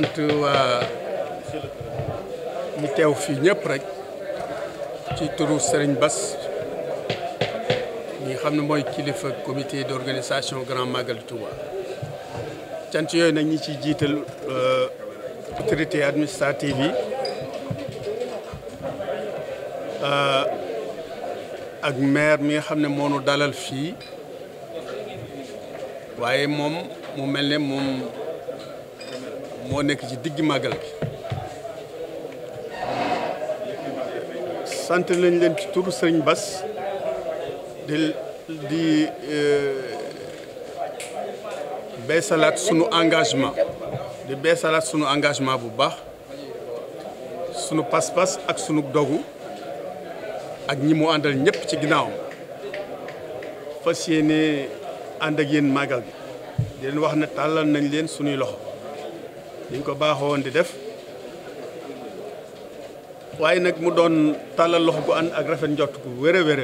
sant waa ñi teew fii ñëpp rek ci turu Serigne Bass ñi xam ne mooy kilifa comité d'organisation Grand Magal Touba cant yooyu nag ñi ci jiital euh, autorité administrative yi euh, ak maire mi nga xam ne moo nu dalal fii waaye moom mu mel ne moom moo nekk ci digg màggal gi sant nañ leen ci turu Sëriñ Bas di di eh, beesalaat sunu engagement di beesalaat sunu engagement bu baax sunu pas-pas ak sunu dogu ak ñi mu àndal ñëpp ci ginnaawam fas yéene ànd ak yéen màggal gi di wax ne tàllal nañ leen sunuy loxo niñ ko baaxoo woon di def waaye nag mu doon tàllal loxo bu ànd ak rafet njott gu wér wér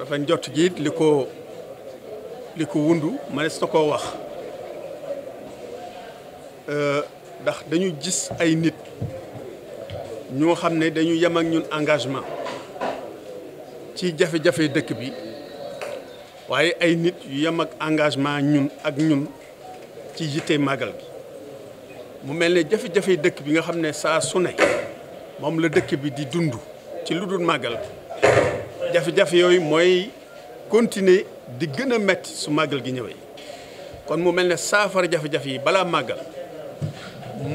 rafet njott gi it li ko li ko wundu mënees na ko wax euh, ndax dañu gis ay nit ñoo xam ne dañu yem ak ñun engagement ci jafe-jafe dëkk bi waaye ay nit yu yem ak engagement ñun ak ñun ci yitte màggal gi mu mel ne jafe-jafe dëkk bi nga xam ne saa su ne moom la dëkk bi di dund ci lu dul màggal jafe-jafe yooyu mooy continuer di gën a metti su màggal gi ñëwee kon mu mel ne saafara jafe-jafe yi balaa màggal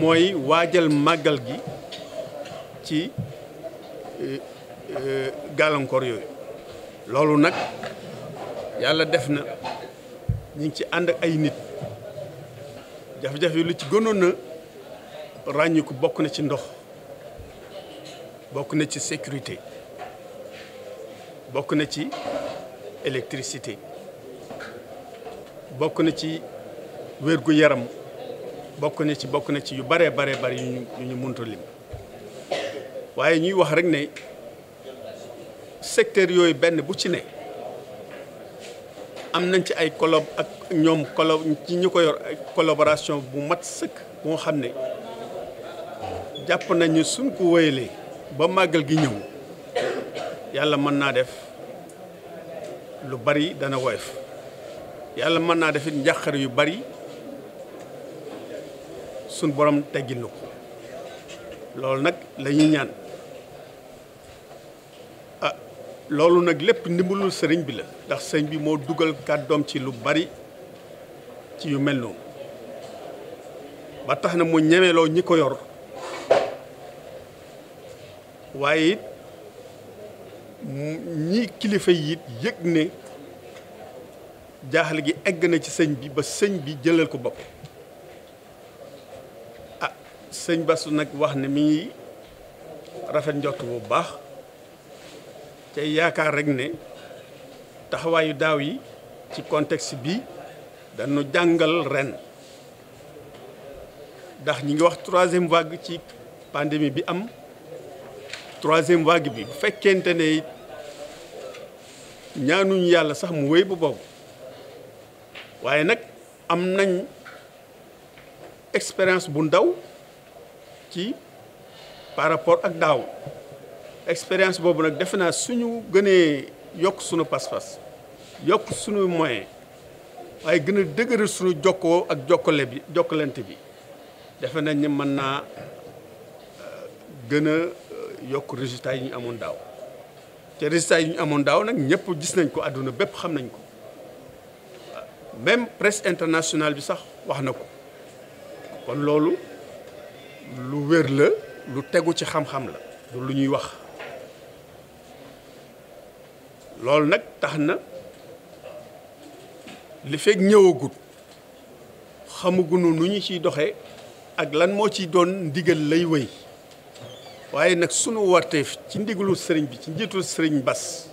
mooy waajal màggal gi ci euh, euh, gàllankoor yooyu loolu nag yàlla def na ñu ci ànd ak ay nit jafe-jafe yi lu ci gënoon na ràññiku bokk na ci ndox bokk na ci sécurité bokk na ci électricité bokk na ci wérgu yaram bokk na ci bokk na ci yu baree baree bari yu ñu mënta lim waaye ñuy wax rek ne secteur yooyu benn bu ci ne am nañ ci ay collab ak ñoom collab ci ko yor ay collaboration bu mat sëkk moo xam ne jàpp nañu suñ ko wéyalee ba màggal gi ñëw yàlla mën naa def lu bari dana woyof yàlla mën naa def njàqare yu bari suñ borom teggil na ko loolu nag la ñuy ñaan ah, loolu nag lépp ndimmalul sëriñ bi la ndax sëriñ bi moo dugal kàddoom ci lu bari ci yu mel noonu ba tax na mu ñemeloo ñi ko yor waaye it ñi kilifa yi it yëg ne jaaxle gi egg na ci sëñ bi ba sëñ bi jëlal ko bopp ah sëñ Basu nag wax ne mi ngi rafet njort bu baax te yaakaar rek ne taxawaayu daaw yi ci contexte bi danu jàngal ren ndax ñu ngi wax troisième vague ci pandémie bi am troisième vague bi bu fekkente ne it ñaanuñu yàlla sax mu wéy bu boobu waaye nag am nañ expérience bu ndaw ci par rapport ak daaw expérience boobu nag defe naa suñu gënee yokk sunu pas-pas yokk sunu moyen waaye gën a dëgëral suñu jokkoo ak jokkale bi jokkalante bi defe nañ mën naa euh, gën yokk résultat yi ñu amoon daaw te résultat yi ñu amoon daaw nag ñëpp gis nañ ko àdduna bépp xam nañ ko même presse internationale bi sax wax na ko kon loolu lu wér la lu tegu ci xam-xam la lu ñuy wax loolu nag tax na li fekk ñëwagut xamugunu nu ñu ciy doxee ak lan moo ci doon ndigal lay wéy waaye nag sunu warteef ci ndigalu sëriñ bi ci njiitul sëriñ Bas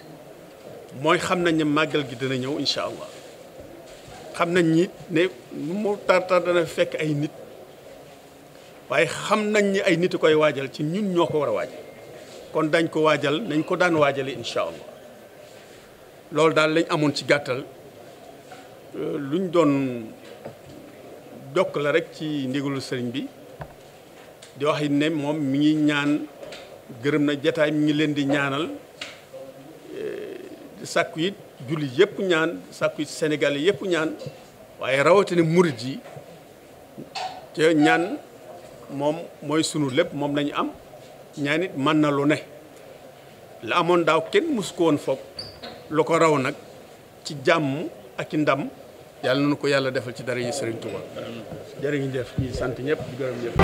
mooy xam nañ ne màggal gi dina ñëw incha allah xam nañ ni ne mu tar dana fekk ay nit waaye xam nañ ni ay nit koy waajal ci ñun ñoo ko war a waaj kon dañ ko waajal nañ ko daan waajale incha allah loolu daal lañ amoon ci gàttal euh, luñ doon dokk la rek ci ndigalu sëriñ bi. di wax ne moom mi ngi ñaan gërëm na jataay mi ngi leen di ñaanal eh, sàkku it julli yëpp ñaan sàkku it Sénégal yëpp ñaan waaye rawatina murit yi te ñaan moom mooy sunu lépp moom lañu am ñaan it mën na lu ne la amoon daaw kenn mësu ko woon foog lu ko raw nag ci jàmm ak ci ndam yàlla na ko yàlla defal ci dara yi Serigne Touba sant ñëpp